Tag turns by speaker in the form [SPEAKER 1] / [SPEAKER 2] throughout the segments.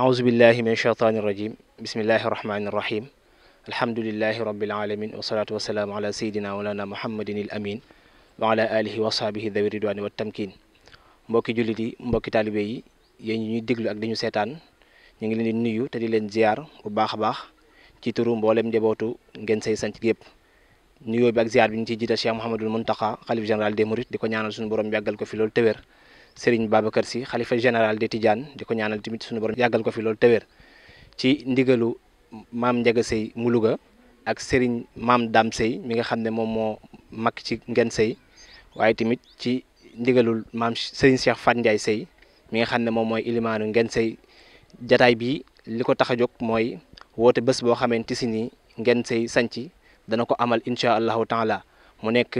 [SPEAKER 1] aousubillahi min sheytaani irrajim bismillahi irrahmani irrahim alhamdulilahi rabilalamin wasalatu wasalaamu ala sayidina walana muhammadin il amin wa ala alihi wa sahbihi dawi ridwani wa tamkin mbokki yi mbokki taalibe yi yéen ñuy déglu ak dañu seetaan ñu ngi leen di te di leen ziar bu baax baax ci turu mboolem njabootu ngeen say sant yëpp nuyoo bi ak ziar bi ñu ciy jiital Cheikh Mouhamadul Mountakha xalif général des Mourides di ko ñaanal suñu borom yàggal ko fi loolu téwér Serigne Babacar si xalifa général de Tidianes di ko ñaanal tamit suñu borom yàggal ko fi loolu téwér ci ndigalu maam njeg Sey mu Louga ak Serigne maam Dam Sey mi nga xam ne moom moo mag ci ngen Sey waaye tamit ci ndigalul maam Serigne Cheikh Fat Ndiaye Sey mi nga xam ne moom mooy ilimaanu Ngeen Sey jataay bii li ko tax a jóg mooy woote bés boo xamante si ni Ngeen Sey sanc dana ko amal incha allahu taala mu nekk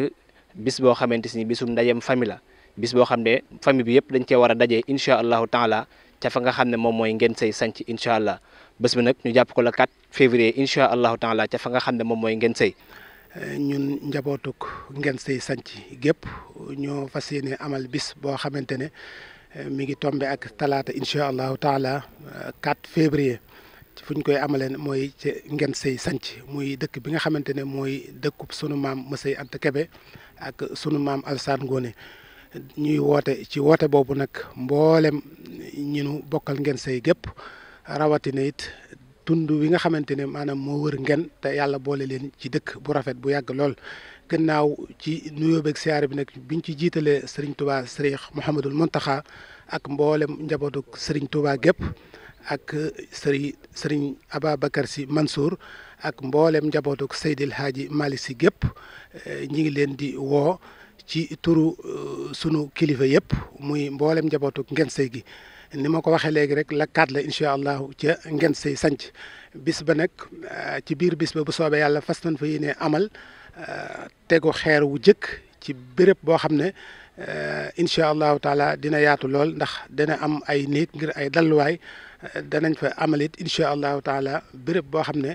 [SPEAKER 1] bis boo xamante si ni bisum ndajem famille la bis boo xam ne famille bi yëpp dañ cee war a daje incha allahu taala ca fa nga xam ne moom mooy ngeen say sanc incha allah bés bi nag ñu jàpp ko la 4 février incha allahu taala ca fa nga xam ne moom mooy ngeen say
[SPEAKER 2] ñun njabootuk ngeen say sanc gépp ñoo fas yéene amal bis boo xamante ne eh, mi ngi tombe ak talaata incha allahu taala 4 eh, février fu ñu koy amalee mooy ci ngeen say sanc muy dëkk bi nga xamante ne mooy dëkku sunu maam Masey ant Kebe ak sunu maam Alassane Ngoone ñuy woote ci woote boobu nag mboolem ñunu nu bokkal ngeen say gépp rawatina it tund wi nga xamante ne maanaam moo wër ngeen te yàlla boole leen ci dëkk bu rafet bu yàgg lool gannaaw ci nuyoo beeg siyaare bi nag biñ ci jiitalee Serigne Touba Serigne Mouhamadul Mountakha ak mboolem njabootu Serigne Touba gépp ak sëriñ sëriñ Ababacar si Mansour ak mboolem njabootuk Seydil Haaji Malick si gépp eh, ñi ngi leen di woo ci turu euh, sunu kilifa yëpp muy mboolem njabootu Ngent Seye gi ni ma ko waxee léegi rek la kaat la incha allahu ca Ngent Seye sanc bis ba nag euh, ci biir bis ba bu soobee yàlla fas nañ fa ne amal euh, tegu xeer wu jëkk ci béréb boo xam ne incha allahu taala dina yaatu lool ndax dana am ay néeg ngir ay dalluwaay danañ fa amalit incha allahu taala béréb boo xam ne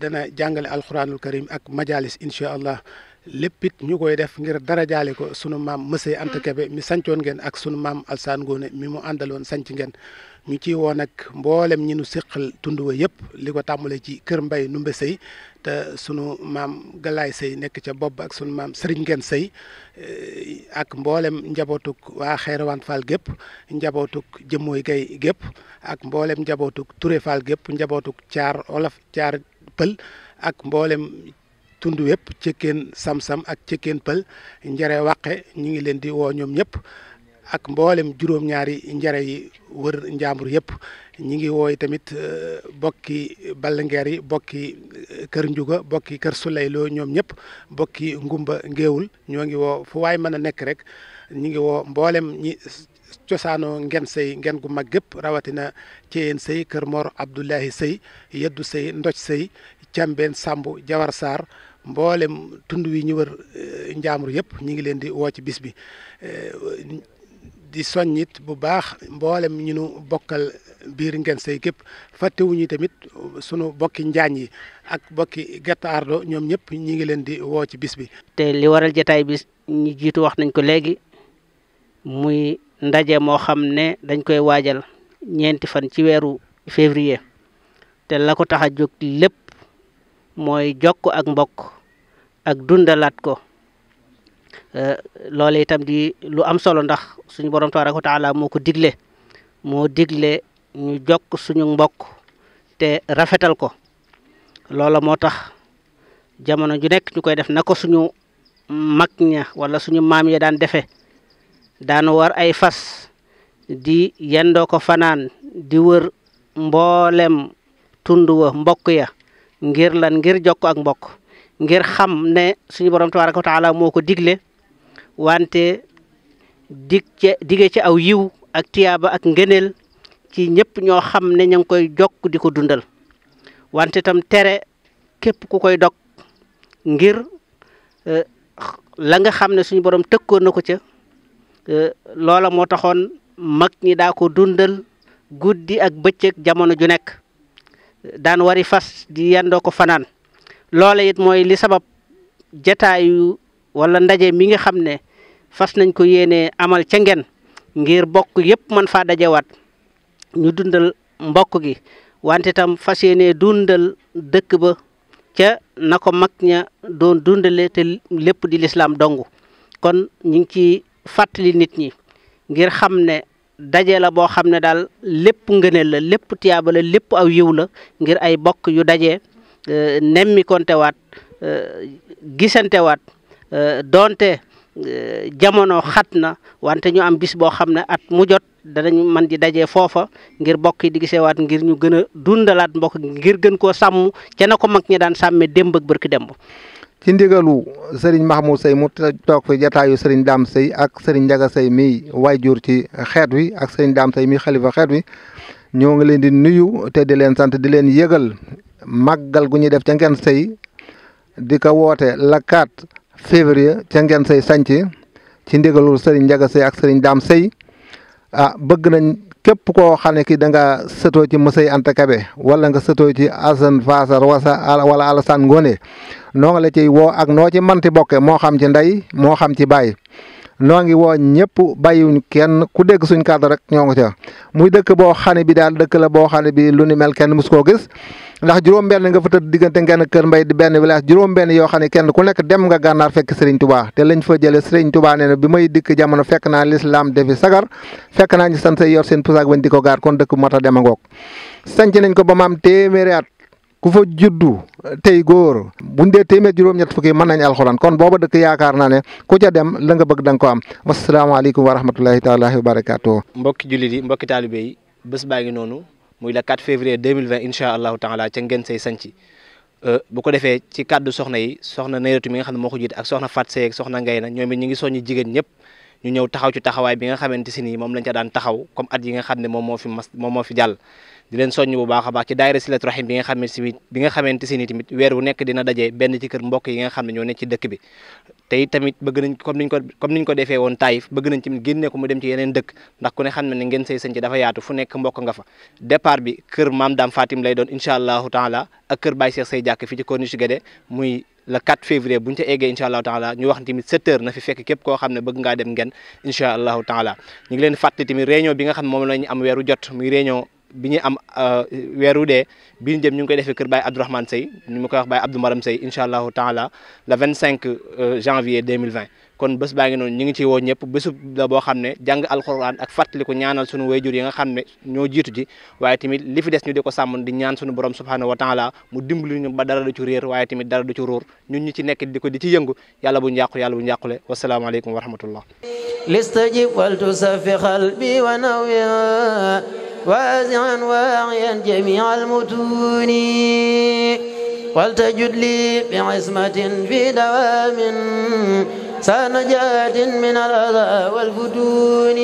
[SPEAKER 2] dana jàngale alquranul karim ak majalis incha allah lépp it ñu koy def ngir dara jaale ko sunu maam monsieur Anta Kebe mi sancoon ngeen ak sunu maam Alsaan Ngoone mi mu àndaloon sanc ngeen ñu ci woo nag mboolem ñi nu séqal tund wa yëpp li ko tàmbalee ci kër mbay numbe sëy te sunu maam gallaay sëy nekk ca bopp ak sunu maam Sëriñ Ngeen sëy eh, ak mboolem njabootuk waa Xeerawaan Fall gépp njabootuk Jëmmooy Gay gépp ak mboolem njabootuk Touré Fall gépp njabootuk Caar Olof Caar Pël ak mboolem tund wépp cekkeen sam-sam ak cekkeen pël njare waqe ñu ngi leen di woo ñoom ñëpp ak mboolem juróom-ñaari njare yi wër njaambur yëpp ñi ngi wooy tamit euh, bokki balngeer yi bokki euh, kër njuga bokki kër sulayloo ñoom ñëpp bokki ngumba ngéewul ñoo ngi woo fu waay mën a nekk rek ñi ngi woo mboolem ñi cosaanoo ngen Sëy ngeen gu mag gépp rawatina Ceyeen Sëy Kër Mor Abdoulahi Sëy Yeddu Sëy Ndoj Sëy Cambeen Samb Jawar Sarr mboolem tund wi ñu wër eh, njaamur yëpp ñu ngi leen di woo ci bis bi eh, di soññit bu baax mboolem ñu nu bokkal biir Ngeen Sëy gépp fàttewuñu tamit sunu bokki njaañ yi ak bokki gerte ñoom ñëpp ñi ngi leen di woo ci bis bi te li waral jataay bi ñu jiitu wax nañ ko léegi
[SPEAKER 3] muy ndaje moo xam ne dañ koy waajal ñeenti fan ci weeru février te la ko tax a jóg lépp mooy jokk ak mbokk ak dundalaat ko euh, loole itam di lu am solo ndax suñu borom tabaraka wa taala moo ko digle moo digle ñu jokk suñu mbokk te rafetal ko loola moo tax jamono ju nekk ñu koy def na ko suñu mag ña wala suñu maam ye daan defee daan war ay fas di yendoo ko fanaan di wër mboolem tund wa mbokk ya ngir lan ngir jokk ak mbokk ngir xam ne suñu borom tabaraka wa taala moo ko digle wante dig ca dige ci aw yiw ak tiyaba ak ngëneel ci ñëpp ñoo xam ne ña ngi koy jokk di ko dundal wante tam tere képp ku koy dog ngir eh, la nga xam ne suñu borom tëkkoon na ko ca Euh, loola moo taxoon mag ñi daa ko dundal guddi ak bëccëg jamono ju nekk daan wari fas di yendoo ko fanaan loola it mooy li sabab jataayu wala ndaje mi nga xam ne fas nañ ko yéene amal ca ngeen ngir bokk yëpp mën faa dajewaat ñu dundal mbokk gi wante tam fas yéene dundal dëkk ba ca na ko mag ña doon dundale te lépp di lislaam dong kon ñu fàttali nit ñi ngir xam ne daje la boo xam ne daal lépp ngëneel la lépp tiyaaba lépp aw yiw la ngir ay bokk yu daje euh, nemmi kontewaat euh, gisantewaat euh, donte jamono xat na wante ñu am bis boo xam ne at mu jot danañ man di daje foofa ngir bokk yi di waat ngir ñu gën a dundalaat mbokk ngir gën koo sàmm ca na ko mag ñi daan sàmmee démb ak bërki
[SPEAKER 4] démb ci ndigalu Serigne Mahmoud Sey mu toog fi jataayu Serigne Dame Sey ak Serigne Ndiaga Sey mi jur ci xeet wi ak Serigne Dame Sey mi xalifa xeet wi ñoo ngi leen di nuyu te di leen sant di leen yëgal màggal gu ñuy def ca ngeen sey di ko woote la 4 février ca ngeen sey sanc ci ndigalul Serigne Ndiaga Sey ak Serigne Dame Sey ah, bëgg nañ képp koo xane ne ki da nga sëtoo ci Moussaï Anta Kebe wala nga sëtoo ci Assane Fassar wasa wala Alassane Ngoné noo nga la ciy woo ak noo ci manti bokke moo xam ci ndey moo xam ci baay noo ngi woo ñëpp bàyyiwuñ kenn ku dégg suñ kàddu rek ñoo nga ca muy dëkk boo xam ne bi daal dëkk la boo xam bi lu ni mel kenn mus koo gis ndax juróom-benn nga fa tëdd diggante ngeen kër mbay di benn village juróom-benn yoo xam ne kenn ku nekk dem nga gànnaar fekk Serigne Touba te lañ fa jëlee Serigne Touba nee na bi may dikk jamono fekk naa lislaam defi sagar fekk naa ñu sant yor seen pusaak bañ di ko gaar kon dëkk mata dem a ngoog sanc nañ ko ba maam téeméeri at ku fa juddu tey góor buñ dee téeméer juróom-ñett fukki mën nañ alxuraan kon booba dëkk yaakaar naa ne ku ca dem la nga bëgg da nga ko am wasalaamaaleykum wa rahmatulahi taala wa
[SPEAKER 1] mbokki jullit yi mbokki taalibe yi bés baa ngi noonu muy le 4 février 2020 incha allahu taala ca ngeen say sanc euh, bu ko defee ci kàddu soxna yi soxna Nayratu mi nga xam ne moo ko jiite ak soxna Fatou Seye ak soxna Ngay na ñoom ñu ngi soññi jigéen ñëpp ñu ñëw taxaw ci taxawaay bi nga xamante si nii moom lañ ca daan taxaw comme at yi nga xam ne moom moo fi mas moom moo fi a baax ci daayira Silatu Rahim bi nga xam ne si bi nga weer wu nekk dina daje benn ci kër mbokk yi nga xam ne ñoo nekk ci dëkk bi te it tamit bëgg nañ comme niñ ko comme niñ ndax ku ne xam ne ne ngeen say sëñ dafa yaatu fu nekk mbokk nga fa départ bi kër maam daam Fatim lay doon incha allahu taala ak kër Baye Cheikh jàkk fi ci Corniche Guédé muy le 4 février bu ñu ca eggee incha allahu taala ñu wax tamit 7 heures na fi fekk képp koo xam ne bëgg ngaa dem ngeen incha allahu taala ñu ngi leen fàttali tamit réunion bi nga xam ne moom la ñu am weeru jot muy réunion bi ñu am euh, weeru dee bi ñu jëm ñu ngi koy defee kër Baye Abdourahmane Seye ñu ma koy wax Baye Abdou Maram Seye incha allahu taala le 25 euh, janvier 2020 kon bés baa ngi noonu ñu ngi ciy woo ñëpp bésu la boo xam ne jàng alxuraan ak fàttaliku ñaanal sunu wayjur nga xam ne ñoo jiitu ji waaye tamit li fi des ñu di ko sàmm di ñaan sunu borom subhaanahu wa taala mu dimbali ñu ba dara du ci réer waaye tamit dara du ci ruur ñun ñi ci nekk di ko di ci yëngu yàlla bu njàqu yàlla bu njàqule wasalaamaaleykum wa rahmatullah
[SPEAKER 3] listajib waltusafi qalbi wa nawya واسعا واعيا جميع المتون ولتجد لي بعصمة سنجاة من الأذى والفتون